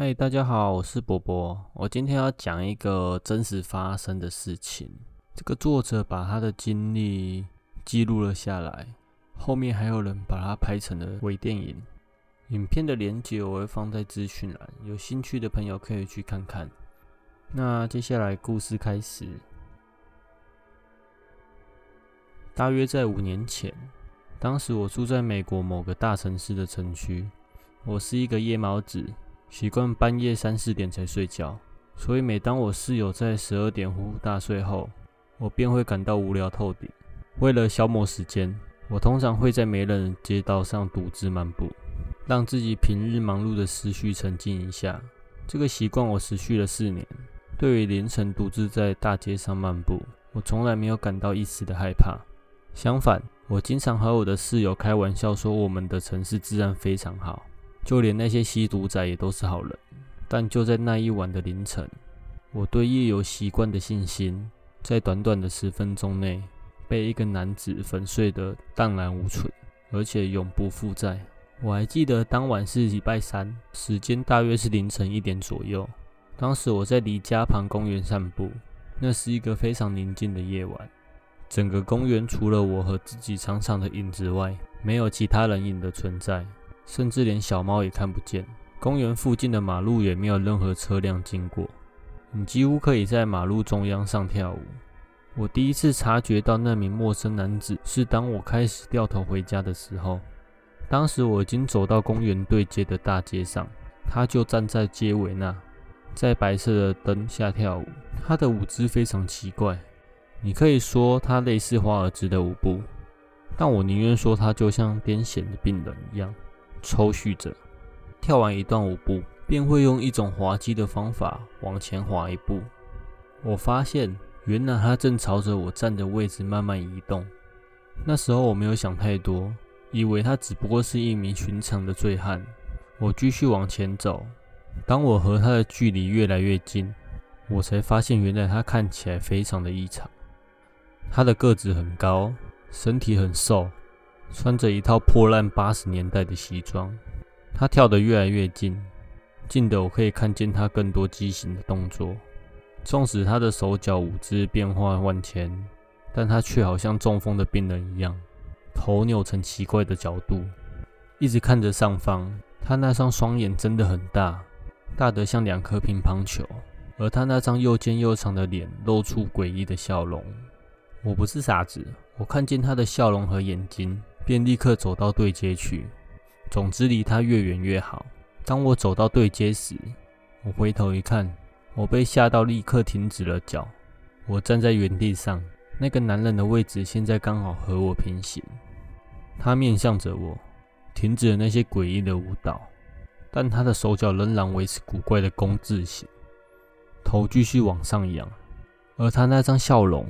嗨，大家好，我是伯伯。我今天要講一個真實發生的事情。這個作者把他的經歷記錄了下來，後面還有人把它拍成了微電影。影片的鏈接我會放在資訊欄，有興趣的朋友可以去看看。那接下來故事開始。大約在五年前，當時我住在美國某個大城市的城區，我是一個夜貓子。習慣半夜三四點才睡覺，所以每當我室友在十二點呼呼大睡後，我便會感到無聊透頂。為了消磨時間，我通常會在沒人的街道上獨自漫步，讓自己平日忙碌的思緒沉靜一下。這個習慣我持續了四年。對於凌晨獨自在大街上漫步，我從來沒有感到一絲的害怕。相反，我經常和我的室友開玩笑說，我們的城市治安非常好。就連那些吸毒仔也都是好人，但就在那一晚的凌晨，我對夜遊習慣的信心，在短短的十分鐘內，被一個男子粉碎得蕩然無存，而且永不復在。我還記得當晚是禮拜三，時間大約是凌晨一點左右。當時我在離家旁公園散步，那是一個非常寧靜的夜晚，整個公園除了我和自己長長的影子外，沒有其他人影的存在。甚至連小貓也看不見，公園附近的馬路也沒有任何車輛經過。你幾乎可以在馬路中央上跳舞。我第一次察覺到那名陌生男子，是當我開始掉頭回家的時候。當時我已經走到公園對街的大街上，他就站在街尾那，在白色的燈下跳舞。他的舞姿非常奇怪，你可以說他類似華爾茲的舞步，但我寧願說他就像癲癇的病人一樣。抽搐著，跳完一段舞步，便會用一種滑稽的方法往前滑一步。我發現，原來他正朝着我站的位置慢慢移動。那時候我沒有想太多，以為他只不過是一名尋常的醉漢。我繼續往前走，當我和他的距離越來越近，我才發現，原來他看起來非常的異常。他的個子很高，身體很瘦。穿着一套破爛八十年代的西裝，他跳得越來越近，近得我可以看見他更多畸形的動作。縱使他的手腳舞姿變化萬千，但他卻好像中風的病人一樣，頭扭成奇怪的角度，一直看着上方。他那雙雙眼真的很大，大得像兩顆乒乓球，而他那張又尖又長的臉露出詭異的笑容。我不是傻子，我看見他的笑容和眼睛，便立刻走到對街去。總之，離他越遠越好。當我走到對街時，我回頭一看，我被嚇到，立刻停止了腳。我站在原地上，那個男人的位置現在剛好和我平行。他面向着我，停止了那些詭異的舞蹈，但他的手腳仍然維持古怪的弓字形，頭繼續往上仰，而他那張笑容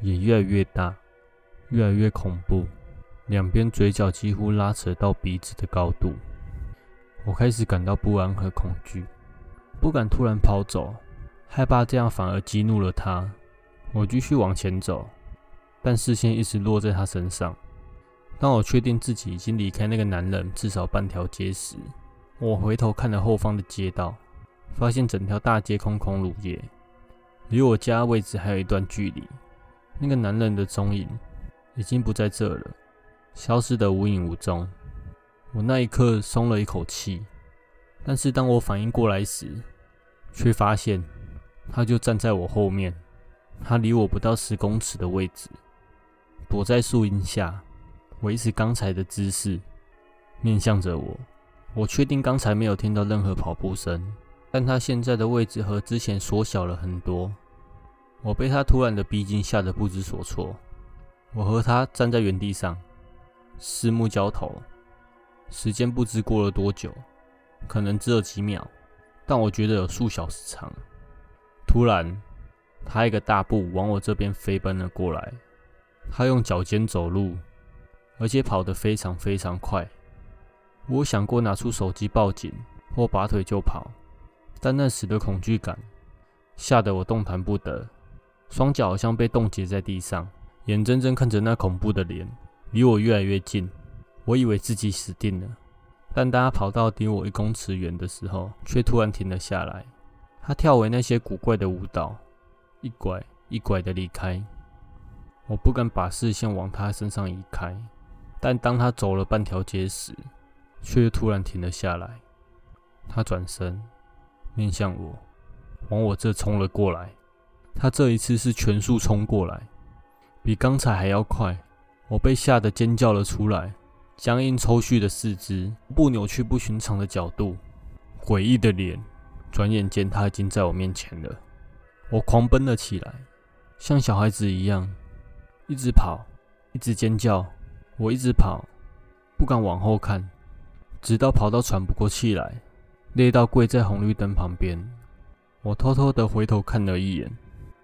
也越來越大，越來越恐怖。兩邊嘴角幾乎拉扯到鼻子的高度，我開始感到不安和恐懼，不敢突然跑走，害怕這樣反而激怒了他。我繼續往前走，但視線一直落在他身上。當我確定自己已經離開那個男人至少半條街時，我回頭看了後方的街道，發現整條大街空空如也，離我家位置還有一段距離，那個男人的蹤影已經不在這了。消失得無影無蹤，我那一刻鬆了一口氣。但是當我反應過來時，卻發現他就站在我後面，他離我不到十公尺的位置，躲在樹蔭下，維持剛才的姿勢，面向着我。我確定剛才沒有聽到任何跑步聲，但他現在的位置和之前縮小了很多。我被他突然的逼近嚇得不知所措，我和他站在原地上。四目交投，時間不知過了多久，可能只有幾秒，但我覺得有數小時長。突然，他一個大步往我這邊飛奔了過來，他用腳尖走路，而且跑得非常非常快。我想過拿出手機報警或拔腿就跑，但那時的恐懼感嚇得我動彈不得，雙腳好像被凍結在地上，眼睜睜看着那恐怖的臉。離我越來越近，我以為自己死定了。但當他跑到離我一公尺遠的時候，卻突然停了下來。他跳回那些古怪的舞蹈，一拐一拐地離開。我不敢把視線往他身上移開。但當他走了半條街時，卻又突然停了下來。他轉身面向我，往我這衝了過來。他這一次是全速衝過來，比剛才還要快。我被嚇得尖叫了出來，僵硬抽搐的四肢，不扭曲不尋常的角度，詭異的臉。轉眼間，他已經在我面前了。我狂奔了起來，像小孩子一樣，一直跑，一直尖叫。我一直跑，不敢往後看，直到跑到喘不過氣來，累到跪在紅綠燈旁邊。我偷偷的回頭看了一眼，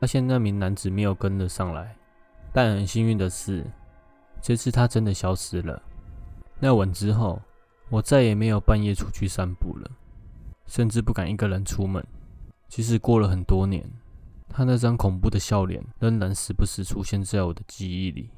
發現那名男子沒有跟了上來。但很幸運的是。這次他真的消失了。那晚之後，我再也沒有半夜出去散步了，甚至不敢一個人出門。即使過了很多年，他那張恐怖的笑臉仍然時不時出現在我的記憶裡。